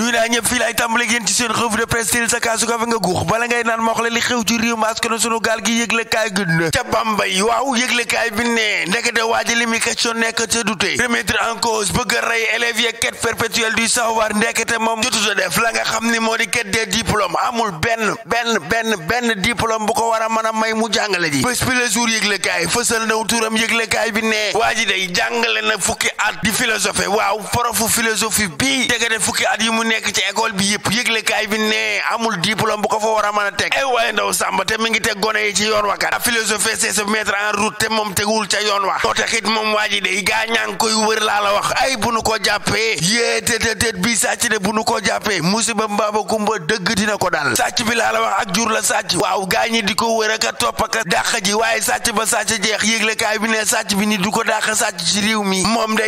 nuyu naa ñëpp fii laay tàmbale yéen ci seen revue de presse sa kaasu kafe nga guux bala ngay naan ma wax la li xew ci réew maas na sunu gaal gi yëglekaay gi na ca Bambey waaw yëglekaay bi ne ndekete waaja li nekk ca dutee remettre en cause bëgg a rey élèves yeeg quête perpétuelle du ndekete moom jotuta def la nga xam ni moo di quête des diplômes amul benn benn benn benn diplôme bu ko war a mën a may mu jàngale ji ji day jàngale na fukki nekk ci école bi yëpp yëglekaay bi ne amul diplôme bu ko fa war a mën a teg ay waaye ndaw sàmba te mi ngi teg gone yi ci yoon wa kat a philosophie c'est se mettre en route te moom tegul ca yoon wa moo taxit moom waa ji day gaa ñaa koy wër laa la wax ay bu nu ko jàppee yée tëtëtët bi sàcc de bu nu ko jàppee musiba mbaaba kumba dëgg dina ko dal sàcc bi laa la wax ak jur la sàcc waaw gaa di ko wër aka topp aka dàq ji waaye sàcc ba sàcc jeex yëglekaay bi ne bi ni du ko dàq sàcc ci mi moom da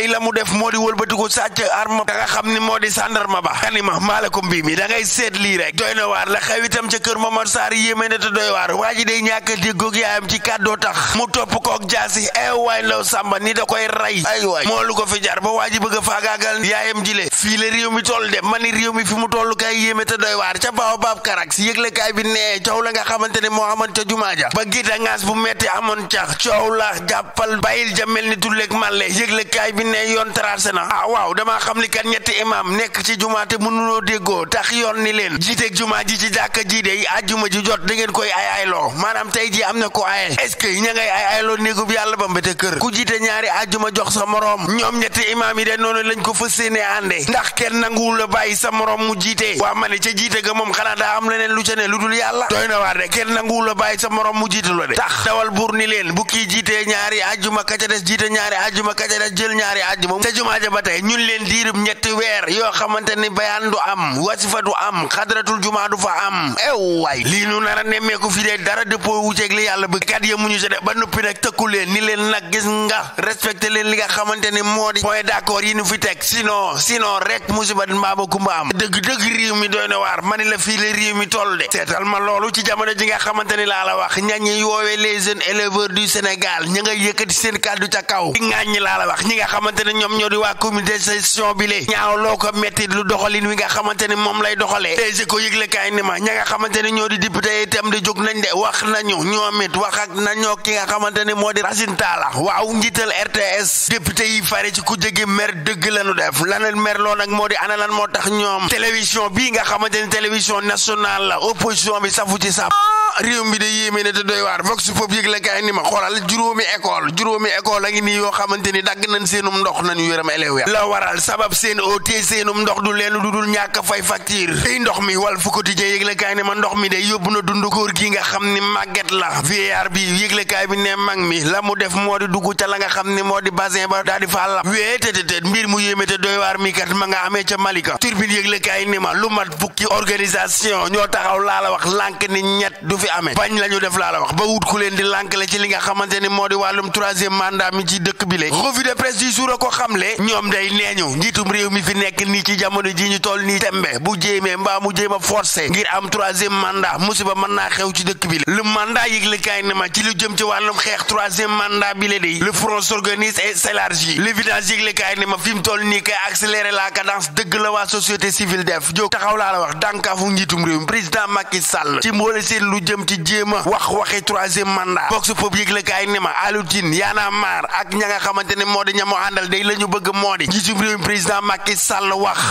nga xam ni moo di sàndarma ni ma maala ko mbii mi da ngay seet lii rek doy na waar la xew itam ca kër Momar Sarr yéeme na te doy waar waa ji day ñàkk déggoog yaayam ci kàddoo tax mu topp koog jaasi ewaay eh law sàmba ni da koy rey ay waay moo lu ko fi jar ba waa ji bëgg a faagaagal yaayam jile fii la réew mi toll de ma ni réew mi fi mu toll kay yéeme te doy waar ca baaw baab karak si yëgle kaay bi nee coow la nga xamante ne moo amoon ca jumaa ja ba gita ngaas bu metti amoon cax la jàppal bàyyil ja mel ni tulleeg màlle yëgle kaay bi ne yoon traversé na ah waaw damaa xam te mënunoo déggoo tax yoon ni leen jiiteeg jumaa ji ci jàkka ji dey àjjuma ji jot da koy ay ayloo maanaam tey ji am na ko aye est-ce que ña ngay ay ayloo néegub yàlla ba mbete kër ku jiite ñaari àjjuma jox sa moroom ñoom ñetti imaam yi de noonu lañ ko fas yéene ànde ndax kenn nanguwul la bàyyi sa moroom mu jiite waa ma ne ca jiite ga moom xanaa daa am leneen lu ca ne lu dul yàlla doy na waar de kenn nanguwul la bàyyi sa moroom mu jiite la de tax dawal buur ni leen bu kii jiitee ñaari àjjuma ka ca des jiite ñaari àjjuma ka ca jël ñaari àjjuma te jumaa ja ba tey ñun leen diirub ñetti bayaan du am wasifa du am xadratul jumaa du fa am ew waay lii nu nar a nemmeeku fi dara dëppoo wuceeg li yàlla bëgg kat yemuñu ci de ba noppi nag tëkku leen ni leen nag gis nga respecté leen li nga xamante ne moo di point d'accord yi nu fi teg sinon sinon rek musiba mbaama kumba am dëgg dëgg réew mi doy na waar ma ne la fii la réew mi toll de seetal ma loolu ci jamono ji nga xamante ni laa la wax ñañi woowee les jeunes éleveurs du Sénégal ña nga yëkkati seen kàddu ca kaw di ŋàññi laa la wax ñi nga xamante ne ñoom ñoo di waa comité session bi le ñaaw loo doxalin wi nga xamante ni moom lay doxalee Les Échos yëglekaay ni ma ña nga xamante ni ñoo di député itam di jóg nañ de wax nañu ñoom it wax ak nañoo ki nga xamante moo di Racine Talla waaw njiital RTS député yi fare ci ku jegi mer dëgg lañu def laneen mer loo nag moo di ana lan moo tax ñoom télévision bii nga xamante ni télévision nationale la opposition bi safu ci saf réew mi de yéeme ne te doy waar vox pop yëglekaay ni ma xoolal juróomi école juróomi ni dagg nañ seenum ndox la waral sabab seen lu dul ñàkk fay facture tey ndox mi wal fu quotidien yëglekaay ne ma ndox mi de yóbbu na dund góor gi nga xam ni màgget la VAR bi yëglekaay bi ne mag mi la mu def moo di dugg ca la nga xam ni moo di bassin ba daal di fa la wéetététét mbir mu yéeme te doy waar mi kat ma nga amee ca Malika turbine yëglekaay ni ma lu mat fukki organisation ñoo taxaw laa la wax lànk ni ñett du fi amee bañ la ñu def laa la wax ba wut ku leen di lank le ci li nga xamante ni moo di wàllum troisième mandat mi ci dëkk bi la ko xamle ñoom day mi fi ñu toll tembe bu jéemee mbaa mu jéem a forcé ngir am troisième mandat musiba mën naa xew ci dëkk bi la le mandat yëglekaay ne ma ci lu jëm ci wàllum xeex troisième mandat bi la dey le front s'organise et s'élargit l'évidence yëglekaay ne ma fi mu toll nii kay accélérer la cadence dëgg la waa société civile def jóg taxaw la wax dànkaafu njiitum réew mi président Macky Sall ci mboole seen lu jëm ci jéem a wax waxi troisième mandat vox pop yëglekaay ne ma Alioune Tine yaana di ña mu àndal day la ñu bëgg moo di njiitum réew mi président Macky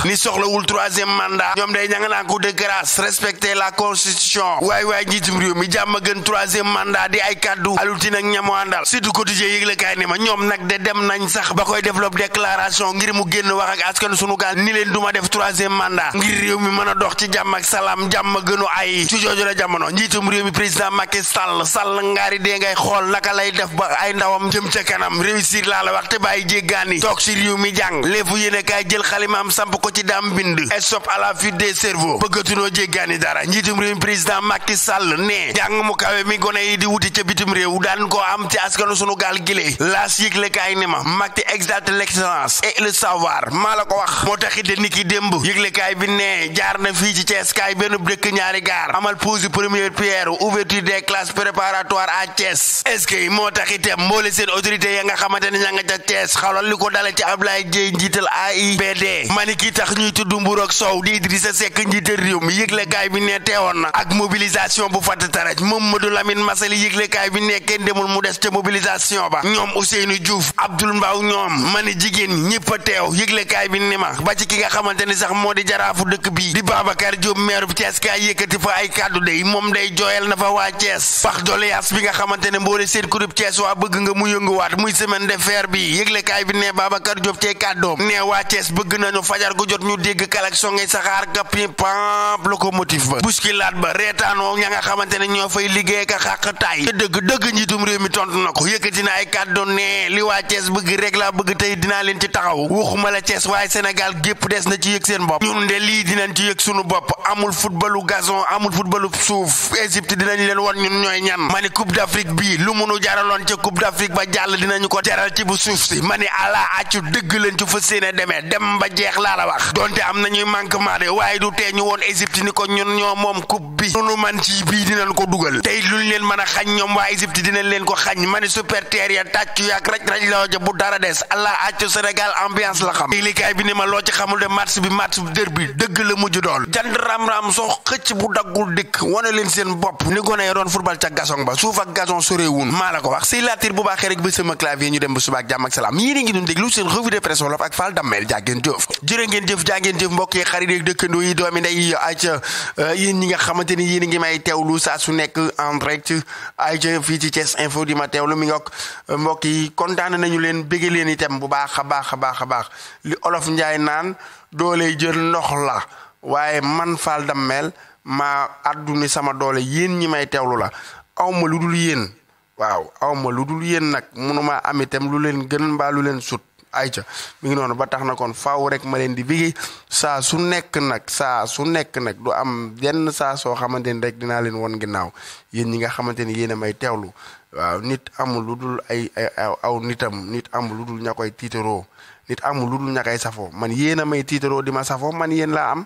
ni wul troisième mandat ñoom day ña nga naan ko de grâce respecter la constitution waay waay njiitum réew mi jàmm gën troisième mandat di ay kàddu alutin ak ñamu àndal yëgle kaay ni ma ñoom nag de dem nañ sax ba koy développe déclaration ngir mu génn wax ak askan sunu gaal ni leen duma def troisième mandat ngir réew mi mën a dox ci jàmm ak salaam jàmm gënu ay ci jooju la jamono njiitum réew mi président Macky Sall Sall ngaari dee ngay xool naka lay def ba ay ndawam jëm ca kanam réussir laa la wax te bàyyi bind stop à la fuite bëggatunoo jéggaani dara njiitum réew président Macky Sall ne jàng mu kawe mi gone yi di wuti ca bitim réew daan ko am ci askanu sunu gaal gilee laas yëglekaay ne ma Macky exalte l'excellence et le savoir maa la ko wax moo tax it ni ki démb yëglekaay bi ne jaar na fii ci Thiès kaay benn dëkk ñaari gaar amal pose première pierre ouverture des classes préparatoires à Thiès est-ce moo tax itam mboole seen autorité ya nga xamante ne ña nga ca du mbuur ak soow di Idrissa Seck njiital réew mi yëglekaay bi ne teewoon na ak mobilisation bu fatt taraj Mamadou Lamine Massaly yëglekaay bi ne kenn demul mu des ca mobilisation ba ñoom Ousseynou Diouf Abdoul Mbaw ñoom ma ni jigéen ñëpp a teew yëglekaay bi ni ma ba ci ki nga xamante sax moo di jaraafu dëkk bii di Babacar Diop maire bu Thiès kaay yëkkati fa ay kàddu day moom day jooyal na waa Thiès wax doléance bi nga xamante mboole seen kurub Thiès waa dégg klaxon yi saxaar ga pimpamp locomotive ba bousculade ba reetaanoo ña nga xamante ne ñoo fay liggéey ka xàq taay te dëgg dëgg njiitum réew mi tontu na ko yëkkati na ay kàddu ne li waa Thiès bëgg rek laa bëgg tey dinaa leen ci taxaw waxuma la Thiès waaye Sénégal gépp des na ci yëg seen bopp ñun de lii dinañ ci yëg sunu bopp amul footballu gazon amul footballu suuf Égypte dinañ leen wan ñun ñooy ñan ma ni coupe d'Afrique bii lu munu jaraloon ca coupe d'Afrique ba jàll dinañu ko jaral ci bu suuf si ma ni ala accu dëgg leen ci fa séene demee dem ba jeex laa la wax donte am nañuy manquement de waaye du tee ñu woon Égypte ni ko ñun ñoo moom coupe bi nunu man ci bii dinañ ko dugal tey luñ leen mën a xañ ñoom waa Égypte dinañ leen ko xañ ma ni supporter ya tàccu yaak raj-raj la ja bu dara des allah accu Sénégal ambiance la xam likaay bi ni ma loo ci xamul de match bi match derby dëgg la mujj doon raam-raam sox xëcc bu daggul dikk wane leen seen bopp ni gone yi doon football ca gazon ba suuf ak gazon soreewun maa la ko wax baaxee rek ba sama clavier a ngi doon déglu seen revue de presse wolof ak Fall Dammel jaa ngeen dëkkandoo yi doomi ndey ayca euh, yéen ñi nga xamante ni yéen a ngi may teewlu saa su nekk en direct ayca fii ci Thiès Info di ma teewlu mi ngok euh, mbokk yi kontaan nañu leen bégg leen itam bu baax a baax a baax a baax li olof njaay naan doole lay jël ndox la waaye man Fall Damel ma àdduni sama doole yéen ñi may teewlu la awma lu dul yéen waaw awma lu dul yéen nag mënuma am itam lu leen gën mbaa lu leen sut ayca mi ngi noonu ba tax na kon faaw rek ma leen di bigi saa su nekk nag saa su nekk nag du am yenn saa soo xamante ni rek dinaa leen won ginnaaw yéen ñi nga xamante ni yéen a may teewlu waaw nit amul lu dul ay aw nitam nit amu lu dul ña koy tiitaroo nit amul lu dul ña koy safoo man yéen a may tiitaroo di ma safoo man yéen laa am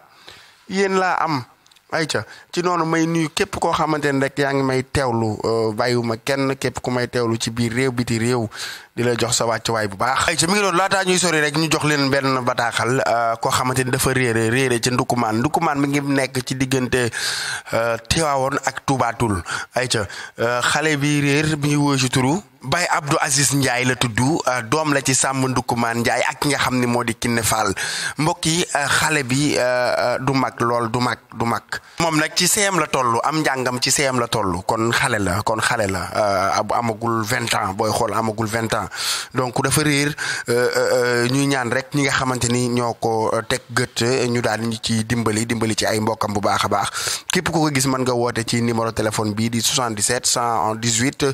yéen laa am ayca ci noonu may nuyu képp koo xamante ne rek yaa ngi may teewlu euh, bàyyiwuma kenn képp ku may teewlu ci biir réew biti réew di la jox sa wàccuwaay bu baax. ayca mi ngi doon laataa ñuy sori rek ñu jox leen benn bataaxal euh, koo xamante ni dafa réere réere ca Ndukumaan Ndukumaan mi ngi nekk ci diggante euh, Tiwaawoon ak Touba Toul ayca xale bi réer bi ñu woy ci Baye Abdou Aziz Ndiaye la tudd euh, doom la ci Samba maan njaay ak ki nga xam ni moo di Kiné Fall mbokk yi euh, xale bi euh, du mag lool du mag du mag. moom nag ci CM la tollu am njàngam ci CM la toll kon xale la kon xale la amagul vingt ans booy xool amagul vingt ans donc dafa réer ñuy ñaan rek ñi nga xamante ni ñoo ko teg gët ñu daan ci dimbali dimbali ci ay mbokkam bu baax a baax képp ku ko gis mën nga woote ci numéro téléphone bii di 77 118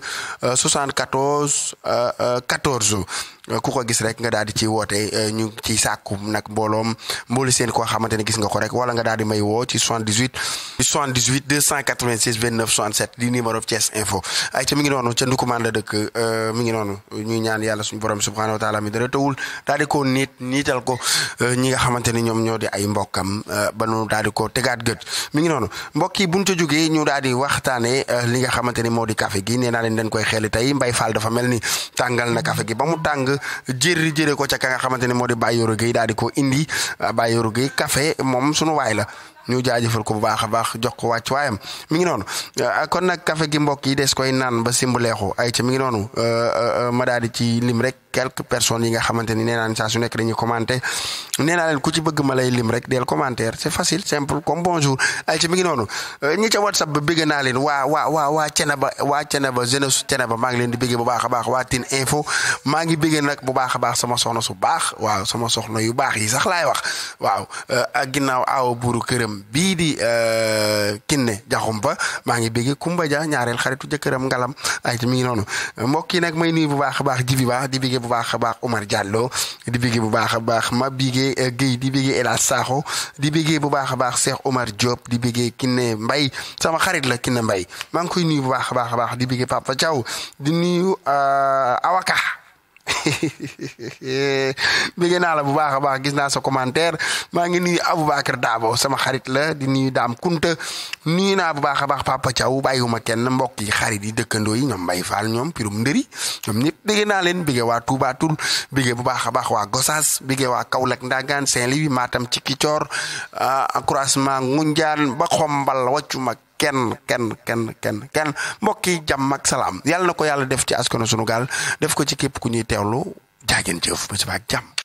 74. quatorze quatorze Euh, ku ko gis rek nga daal di ci woote euh, ñu ci sàkku nag mbooloom mboolu seen koo xamante ne gis nga ko rek wala nga daal di may woo ci 78 78 296 29 67 di numéro Thiès Info ay ca mi ngi noonu ca ndukumaan la dëkk euh, mi ngi noonu ñuy ñaan yàlla suñu borom subhanahu wa taala mi dara tawul daal di ko niit niital ko ñi nga xamante ni ñoom ñoo di ay mbokkam ba nu daal di ko tegaat gët mi ngi noonu mbokk yi buñ ca jógee ñu daal di waxtaanee li nga xamante ni moo di café gi nee naa leen dañ koy xeeli tey Mbaye Fall dafa mel ni tàngal na café gi jàng jëri jëre ko ca ka nga xamante ne moo di Bayoro Gueye daal di ko indi Bayoro Gueye café moom sunu waay la ñu jaajëfal ko bu baax a baax jox ko wàcc waayam mi ngi noonu euh, kon nag café gi mbokk yi des koy naan ba simb leexu ay ca mi ngi noonu euh, euh, ma daal di ci lim rek quelque personne yi nga xamante ni nee naan saa su nekk dañuy commenter nee naa leen ku ci bëgg ma lay lim rek del commentaire c'est facile simple comme bonjour ay ngi noonu ñi ca whatsapp ba bëgg naa leen waa waa waa waa Ceneba waa Ceneba jeunesse Ceneba maa ngi leen di bëgg bu baax a baax waa Tine Info maa ngi bëgg nag bu baax a baax sama soxna su baax waaw sama soxna yu baax yi sax laay wax waaw a ginnaaw aaw buuru këram xaritam bii di euh, Kiné Diakhoumpa maa ngi bégg Kumba Dia ñaareel xaritu jëkkëram ngalam ay mi ngi noonu mbokk yi nag may nuyu bu baax a baax Jibi Ba di bégg bu baax a baax Omar Diallo di bégg bu baax a baax ma bégg euh, Guèye di bégg El Hadj di bégg bu baax a baax Cheikh Omar Diop di bégg Kiné mbay sama xarit la Kiné mbay maa ngi koy nuyu bu baax a baax di bégg Papa Thiaw di nuyu euh, Awaka. bëgg naa la bu baax a baax gis naa sa commentaire maa ngi nuy abu nuyu Aboubacar Dabo sama xarit la di nuyu Dame Kunta nuyu naa bu baax a baax Papa Thiaw bàyyiwuma kenn mbokk yi xarit yi dëkkandoo yi ñoom Mbaye Fall ñoom pirum ndëri ñoom ñëpp bëgg naa leen bëgg waa Touba Toul bëgg bu baax a baax waa Gossas bëgg waa Kaolack Ndagane li louis Matam ci Kicoor encouragement ah, Ngunjaan ba xombal wàccu mag kenn kenn kenn kenn kenn mbokk yi jàmm ak salaam yàlla na ko yàlla def ci askanu sunu gaal def ko ci képp ku ñuy teewlu jaageen jëf ba si baak